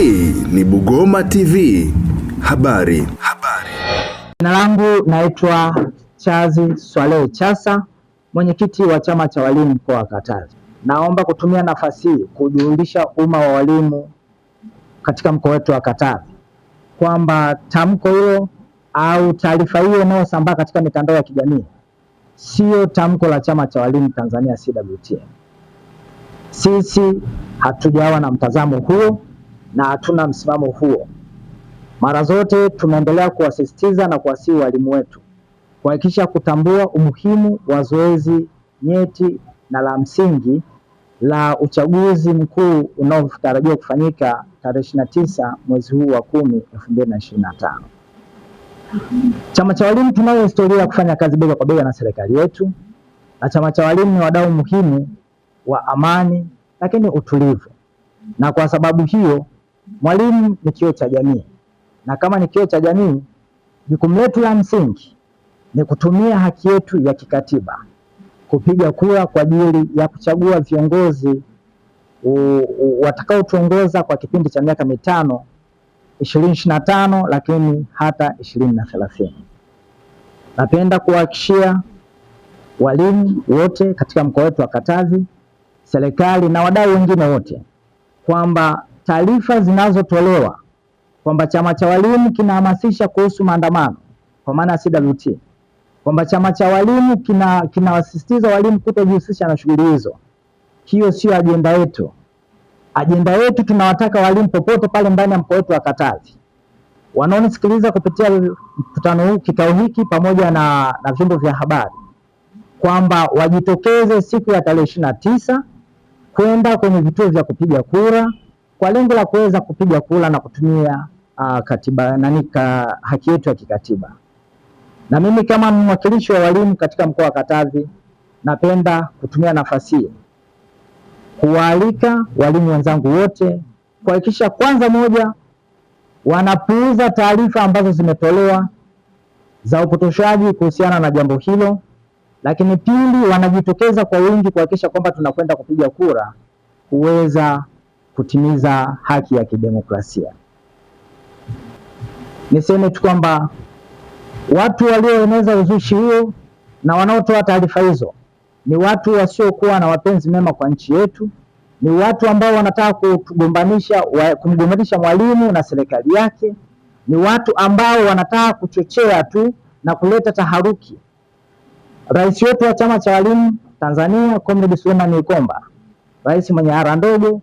Hii ni Bugoma TV. Habari. Habari. Jina langu naitwa Chazi Swalehe Chasa, mwenyekiti wa chama cha walimu mkoa wa Katavi. Naomba kutumia nafasi hii kujulisha umma wa walimu katika mkoa wetu wa Katavi kwamba tamko hilo au taarifa hiyo inayosambaa katika mitandao ya kijamii sio tamko la chama cha walimu Tanzania CWT. Sisi hatujawa na mtazamo huo na hatuna msimamo huo. Mara zote tumeendelea kuwasisitiza na kuwasihi walimu wetu kuhakikisha kutambua umuhimu wa zoezi nyeti na la msingi la uchaguzi mkuu unaotarajiwa kufanyika tarehe ishirini na tisa mwezi huu wa kumi elfu mbili na ishirini na tano. Chama cha walimu tunayo historia ya kufanya kazi bega kwa bega na serikali yetu, na chama cha walimu ni wadau muhimu wa amani, lakini utulivu, na kwa sababu hiyo Mwalimu ni kioo cha jamii, na kama ni kioo cha jamii, jukumu letu la msingi ni kutumia haki yetu ya kikatiba kupiga kura kwa ajili ya kuchagua viongozi watakaotuongoza kwa kipindi cha miaka mitano ishirini ishirini na tano lakini hata ishirini na thelathini. Napenda kuwahakikishia walimu wote katika mkoa wetu wa Katavi, serikali na wadau wengine wote kwamba taarifa zinazotolewa kwamba chama cha walimu kinahamasisha kuhusu maandamano kwa maana ya CWT, kwamba chama cha walimu kinawasisitiza kina walimu kutojihusisha na shughuli hizo, hiyo sio ajenda yetu. Ajenda yetu tunawataka walimu popote pale ndani ya mkoa wetu wa Katavi wanaonisikiliza kupitia mkutano huu, kikao hiki pamoja na, na vyombo vya habari kwamba wajitokeze siku ya tarehe ishirini na tisa kwenda kwenye vituo vya kupiga kura kwa lengo la kuweza kupiga kura na kutumia uh, katiba nani ka haki yetu ya kikatiba. Na mimi kama mwakilishi wa walimu katika mkoa wa Katavi, napenda kutumia nafasi hii kuwaalika walimu wenzangu wote kuhakikisha kwanza, moja, wanapuuza taarifa ambazo zimetolewa za upotoshaji kuhusiana na jambo hilo, lakini pili, wanajitokeza kwa wingi kuhakikisha kwamba tunakwenda kupiga kura kuweza kutimiza haki ya kidemokrasia. Niseme tu kwamba watu walioeneza uzushi huo na wanaotoa taarifa hizo ni watu wasiokuwa na wapenzi mema kwa nchi yetu, ni watu ambao wanataka kutugombanisha, kumgombanisha mwalimu na serikali yake, ni watu ambao wanataka kuchochea tu na kuleta taharuki. Rais wetu wa chama cha walimu Tanzania Comrade Suleiman Ikomba, rais mwenye hara ndogo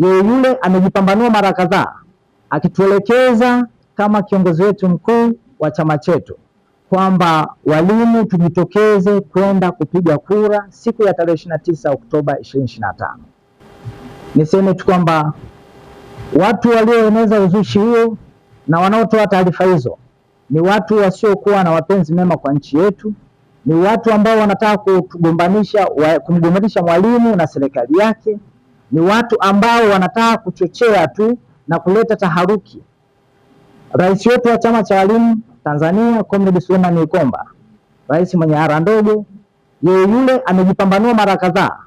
yeye yule amejipambanua mara kadhaa akituelekeza kama kiongozi wetu mkuu wa chama chetu kwamba walimu tujitokeze kwenda kupiga kura siku ya tarehe 29 Oktoba 2025. Niseme tu kwamba watu walioeneza uzushi huo na wanaotoa taarifa hizo ni watu wasiokuwa na wapenzi mema kwa nchi yetu, ni watu ambao wanataka kumgombanisha mwalimu na serikali yake ni watu ambao wanataka kuchochea tu na kuleta taharuki. Rais wetu wa chama cha walimu Tanzania Comrade Suleiman Ikomba, rais mwenye ara ndogo, yeye yule amejipambanua mara kadhaa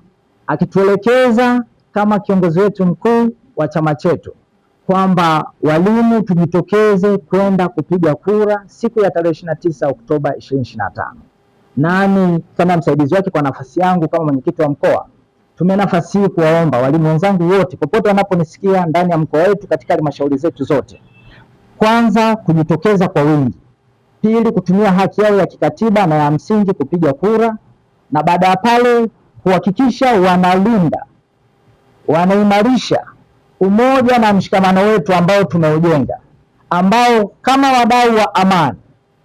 akituelekeza kama kiongozi wetu mkuu wa chama chetu kwamba walimu tujitokeze kwenda kupiga kura siku ya tarehe ishirini na tisa Oktoba 2025. Nani kama msaidizi wake kwa nafasi yangu kama mwenyekiti wa mkoa Nitumie nafasi hii kuwaomba walimu wenzangu wote popote wanaponisikia ndani ya mkoa wetu katika halmashauri zetu zote, kwanza kujitokeza kwa wingi, pili kutumia haki yao ya kikatiba na ya msingi kupiga kura, na baada ya pale kuhakikisha wanalinda, wanaimarisha umoja na mshikamano wetu ambao tumeujenga, ambao kama wadau wa amani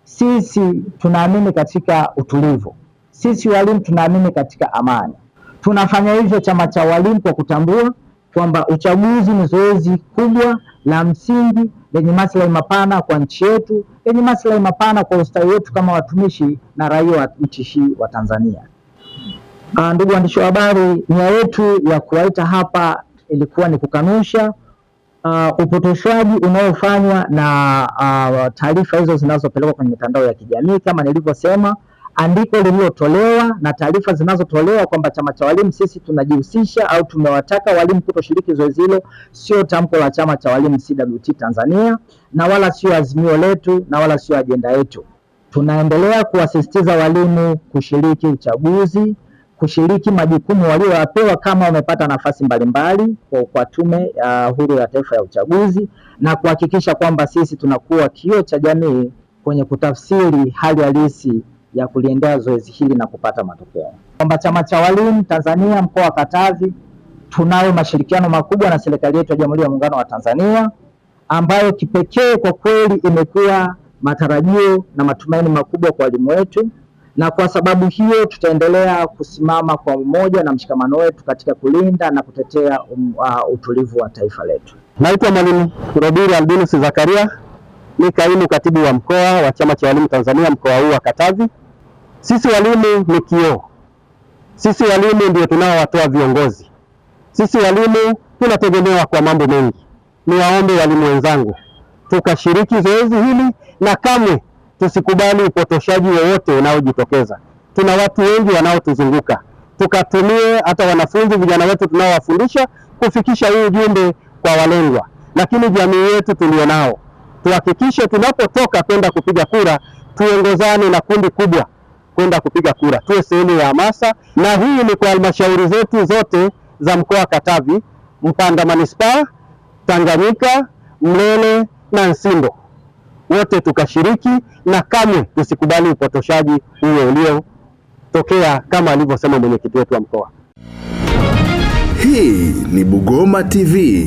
sisi tunaamini katika utulivu, sisi walimu tunaamini katika amani. Tunafanya hivyo chama cha walimu kwa kutambua kwamba uchaguzi ni zoezi kubwa la msingi lenye maslahi mapana kwa nchi yetu, lenye maslahi mapana kwa ustawi wetu kama watumishi na raia wa nchi hii wa Tanzania. Uh, ndugu waandishi wa habari, nia yetu ya kuwaita hapa ilikuwa ni kukanusha uh, upotoshaji unaofanywa na uh, taarifa hizo zinazopelekwa kwenye mitandao ya kijamii. Kama nilivyosema, andiko lililotolewa na taarifa zinazotolewa kwamba chama cha walimu sisi tunajihusisha au tumewataka walimu kutoshiriki zoezi hilo, sio tamko la chama cha walimu CWT Tanzania na wala sio azimio letu na wala sio ajenda yetu. Tunaendelea kuwasisitiza walimu kushiriki uchaguzi, kushiriki majukumu waliowapewa kama wamepata nafasi mbalimbali kwa, kwa Tume ya Huru ya Taifa ya Uchaguzi na kuhakikisha kwamba sisi tunakuwa kio cha jamii kwenye kutafsiri hali halisi ya kuliendea zoezi hili na kupata matokeo, kwamba chama cha walimu Tanzania mkoa wa Katavi tunayo mashirikiano makubwa na serikali yetu ya Jamhuri ya Muungano wa Tanzania ambayo kipekee kwa kweli imekuwa matarajio na matumaini makubwa kwa walimu wetu, na kwa sababu hiyo tutaendelea kusimama kwa umoja na mshikamano wetu katika kulinda na kutetea um, uh, utulivu wa taifa letu. Naitwa Mwalimu Robiru Albinus Zakaria ni kaimu katibu wa mkoa wa chama cha walimu Tanzania mkoa huu wa Katavi. Sisi walimu ni kioo, sisi walimu ndio tunaowatoa viongozi, sisi walimu tunategemewa kwa mambo mengi. Niwaombe walimu wenzangu, tukashiriki zoezi hili na kamwe tusikubali upotoshaji wowote unaojitokeza. Tuna watu wengi wanaotuzunguka, tukatumie hata wanafunzi vijana wetu tunaowafundisha kufikisha huu ujumbe kwa walengwa, lakini jamii yetu tulionao tuhakikishe tunapotoka kwenda kupiga kura tuongozane na kundi kubwa kwenda kupiga kura, tuwe sehemu ya hamasa. Na hii ni kwa halmashauri zetu zote za mkoa wa Katavi, Mpanda manispaa, Tanganyika, Mlele na Nsindo, wote tukashiriki na kamwe tusikubali upotoshaji huo uliotokea kama alivyosema mwenyekiti wetu wa mkoa. Hii ni Bugoma TV.